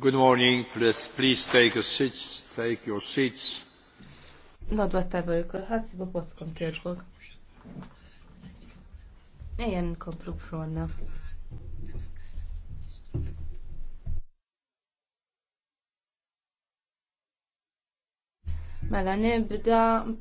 Good morning, please, please take a seat, take your seats. Nodwa t-tajba jkolħat, sibu postkom t-jirġbog. Ejjen komplu b'xonna. Mela nibda bil